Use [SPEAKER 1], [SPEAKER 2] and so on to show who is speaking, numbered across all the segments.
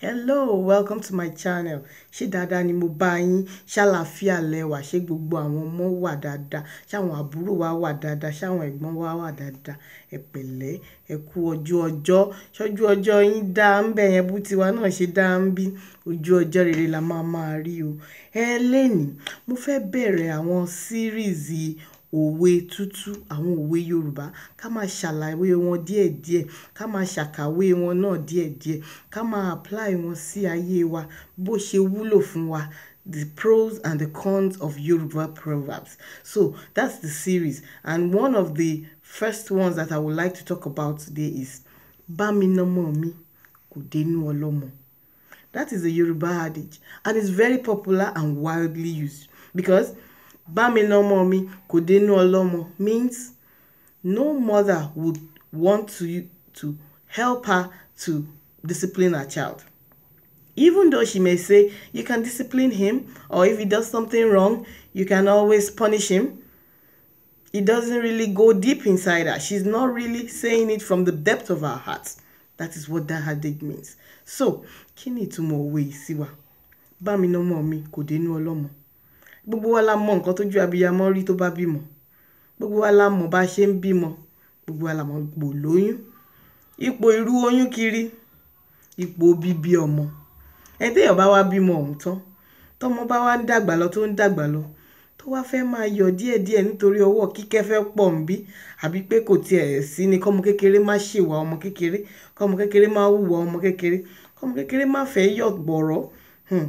[SPEAKER 1] hello welcome to my channel ṣé dáadáa ni mo bá yín ṣàlàáfíà lẹ́wà ṣé gbogbo àwọn ọmọ wà dáadáa ṣáwọn àbúrò wa wà dáadáa ṣáwọn ẹ̀gbọ́n wa wà dáadáa ẹ̀pẹ̀lẹ́ ẹ kú ojú ọjọ́ ṣojú ọjọ́ yín dá ń bẹ̀ yẹn bú tiwa náà ṣe dá ń bí ojú ọjọ́ rere la máa máa rí o ẹ lẹ́nìí mo fẹ́ bẹ̀rẹ̀ àwọn síríìzì òwe tútù àwọn òwe Yorùbá ká máa ṣàlàyé wọn díẹ̀díẹ̀, ká máa ṣàkàwé wọn náà díẹ̀díẹ̀, ká máa apply wọn sí ayé wa bó ṣe wúlò fún wa. The pros and the cons of Yoruba proverbs. So that's the series. And one of the first ones that I would like to talk about today is Báminọ́mọ mi kò dénú ọlọ́mọ. That is a Yoruba adage and it's very popular and widely used because Bámilọ́mọ mi kò dénú ọlọ́mọ means no mother would want to, to help her to discipline her child. Even though she may say you can discipline him, or if he does something wrong, you can always punish him, it doesn't really go deep inside her. She's not really saying it from the depth of her heart. That is what that headache means. So, kí ni ìtumọ̀ òwe yìí sí wa? Bámi lọ́mọ mi kò dénú ọlọ́mọ gbogbo wa la mọ nǹkan tójú abiyamọ rí tó bá bímọ gbogbo wa la mọ bá ṣe ń bímọ gbogbo wa la mọ ipò lóyún ipò irú oyún kiri ipò bíbí ọmọ ẹni téèyàn bá wá bímọ ọ̀hún tán tọmọ bá wá ń dàgbà lọ tó ń dàgbà lọ tó wá fẹ́ máa yọ̀ díẹ̀díẹ̀ nítorí ọwọ́ kíkẹ́ fẹ́ pọ̀ ń bí àbí pé kò tiẹ̀ sí ni kọ́mọ kékeré má ṣèwà ọmọ kékeré kọ́mọ kékeré má hùwà ọmọ kékeré kọ́mọ kékeré má fẹ́ yọ̀ gbọ̀rọ̀ hmm,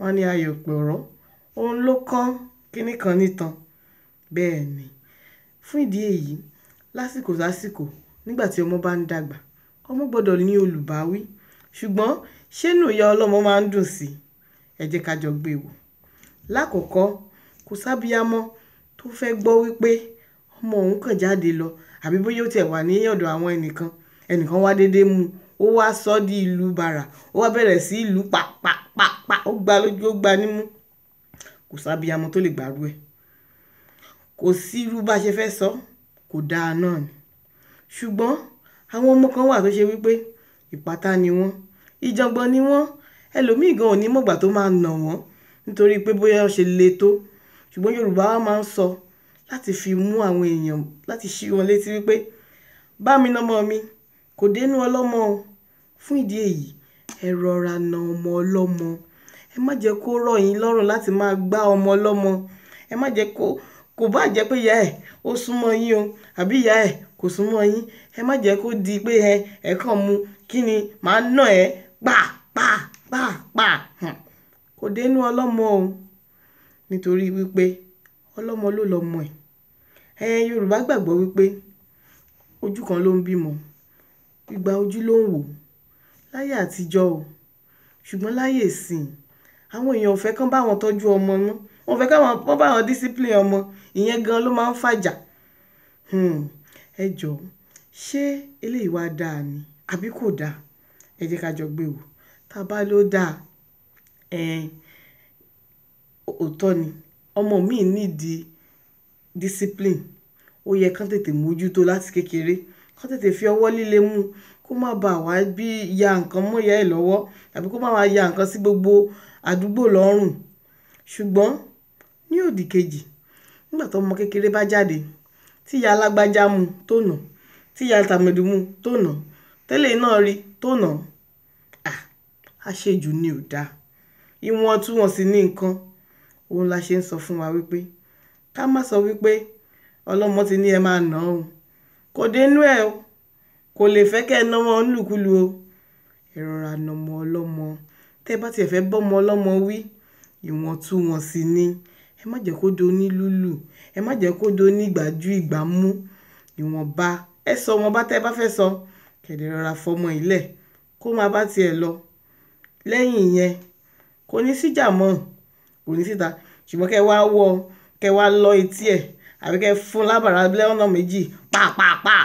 [SPEAKER 1] wọ́n ní ayọ̀ gbọ̀rọ̀ òun ló kán kinní kan nítan bẹ́ẹ̀ ni fún ìdí èyí lásìkò sásìkò nígbà tí ọmọ bá ń dàgbà ọmọ gbọ́dọ̀ ní olùbáwí ṣùgbọ́n ṣé inú ìyá ọlọ́mọ máa ń dùn sí ẹ jẹ́ ká jọ gbé e wò lákọ̀ọ́kọ́ kò sábíyámọ tó fẹ́ gbọ́ wípé ọmọ òun kàn jáde lọ àbí bóyá ó tiẹ̀ wà ní ọ̀dọ̀ àwọn ẹnìkan ẹnìkan wá déédéé mú ó wá sọ di ìlú bàrà ó wá bẹ̀rẹ̀ sí ìlú pàpàpàpà ó gba lójú ó gba nímú kò sábìyamọ tó lè gbàrú ẹ̀ kò sí irú bá a ṣe fẹ́ sọ kò dáa náà ni ṣùgbọ́n àwọn ọmọ kan wà tó ṣe wípé ìpátá ni wọ́n ìjàngbọ̀n ni wọ́n ẹlòmíì gan ò ní mọ̀gbà tó máa nà wọ́n nítorí pé bóyá ó ṣe le tó ṣùgbọ́n yorùbá wa máa ń sọ láti fi mú àwọn èèyàn láti ṣí wọn létí wípé bá mi nọmọ mi kò dénú ọlọ́mọ o fún ìdí èyí ẹ rọra na ọmọ ọlọ́mọ ẹ má jẹ́ kó rọ̀ yín lọ́rùn láti máa gbá ọmọ ọlọ́mọ ẹ má jẹ́ kó kò bá jẹ́ pé ìyá ẹ̀ ó súnmọ́ yín o àbí ìyá ẹ̀ kò súnmọ́ yín ẹ má jẹ́ kó di pé ẹ ẹ kàn mu kí ni màá nà ẹ́ pa pa pa pa kò dénú ọlọ́mọ o nítorí wípé ọlọ́mọ ló lọ́mọ ẹ̀ ẹ Yorùbá gbàgbọ́ wípé ojú kan ló ń bímọ ìgbà ojú ló ń wò láyé àtijọ́ o ṣùgbọ́n láyé ìsìn àwọn èèyàn ò fẹ́ kán bá wọn tọ́jú ọmọ mọ́ wọn fẹ́ káwọn wọn bá wọn discipline ọmọ ìyẹn gan ló máa ń fàjà hmm. ẹ jọ̀ọ́ ṣé eléyìí wá dáa ni àbí kò dáa ẹ jẹ́ ká jọ gbé wò tá a bá ló dáa òótọ́ ni ọmọ mi nídìí discipline ó yẹ kán tètè mójútó láti kékeré kán tètè fi ọwọ́ líle mú un kó má bàa wá bí ya nǹkan mọ́ ìyá ẹ̀ lọ́wọ́ tàbí kó má wá ya nǹkan sí gbogbo àdúgbò lọ́rùn ṣùgbọ́n ní òdì kejì nígbà tó ọmọ kékeré bá jáde tí ìyá alágbájá mu tó nà tí ìyá tàmẹ̀dù mu tó nà tẹ́lẹ̀ náà rí tó nà á àṣejù ni ò dáa ìwọ̀ntúnwọ̀nsì ní nǹkan òun la ṣe ń sọ fún wa wípé ká má sọ wípé ọlọ́mọ ti ní ẹ máa nà án o kò dénú ẹ̀ o kò lè fẹ́ kẹ́ ẹ nà ọmọ ńlùkulù o ẹ rọra nà ọmọ ọlọ́mọ tẹ́ ẹ bá tiẹ̀ fẹ́ bọ́mọ ọlọ́mọ wí ìwọ̀ntúnwọ̀nsì ni ẹ má jẹ́ kó do ní lúlù ẹ má jẹ́ kó do ní ìgbájú ìgbámú ìwọ̀nba ẹ sọ wọn bá tẹ́ ẹ bá fẹ́ sọ kẹ̀dẹ̀ rọra fọmọ ìlẹ̀ kó máa bá tiẹ̀ lọ lẹ́yìn ìyẹn kò ní síjà mọ́ kò ní síta ṣùgbọ́n kẹ́ wá wọ́ kẹ́ wá lọ etí ẹ̀ àbí kẹ́ fún lábàrá lọ́nà méjì pàápàá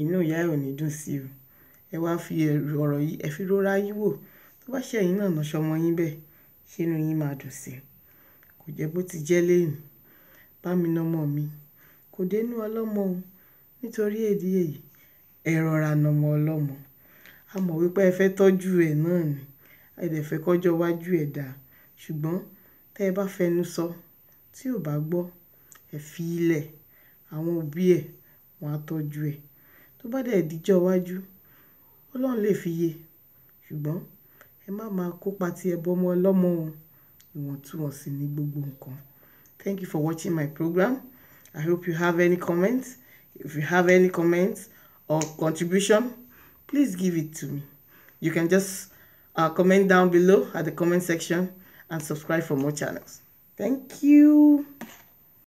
[SPEAKER 1] inú ìyá ẹ̀ ò ní dùn sí o ẹ wá fi ọ̀rọ̀ yìí ẹ fi rọra yín wò tó bá ṣẹ̀yìn náà nà ṣọmọ yín bẹ́ẹ̀ ṣé inú yín máa dùn sí kò jẹ́ bó ti jẹ́ lẹ́yìn bá mi nà ọmọ mi kò dénú ọlọ́mọ o nítorí èdè èyí ẹ rọra nà ọmọ ọlọ́mọ a mọ̀ wípé ẹ fẹ́ tọ́jú ẹ̀ náà ni ẹ dẹ̀ fẹ́ kọjọ́ wájú ẹ̀ dáa ṣùgbọ́n tẹ́ ẹ bá fẹnu sọ tí ò bá gbọ́ ẹ̀ fi í lẹ̀ àwọn òbí ẹ̀ wọ́n á tọ́jú ẹ̀ tó bá dẹ̀ díjọ́ iwájú ọlọ́run lè fi yé ṣùgbọ́n ẹ má máa kópa ti ẹbọ ọmọ ọlọ́mọ o ìwọ̀ntúnwọ̀nsì ní gbogbo nǹkan. Thank you for watching my program. I hope you have any comments. If you have any comments or contribution, please give it to me. You can just uh, comment down below at the comment section and subscribe for more channels. Thank you.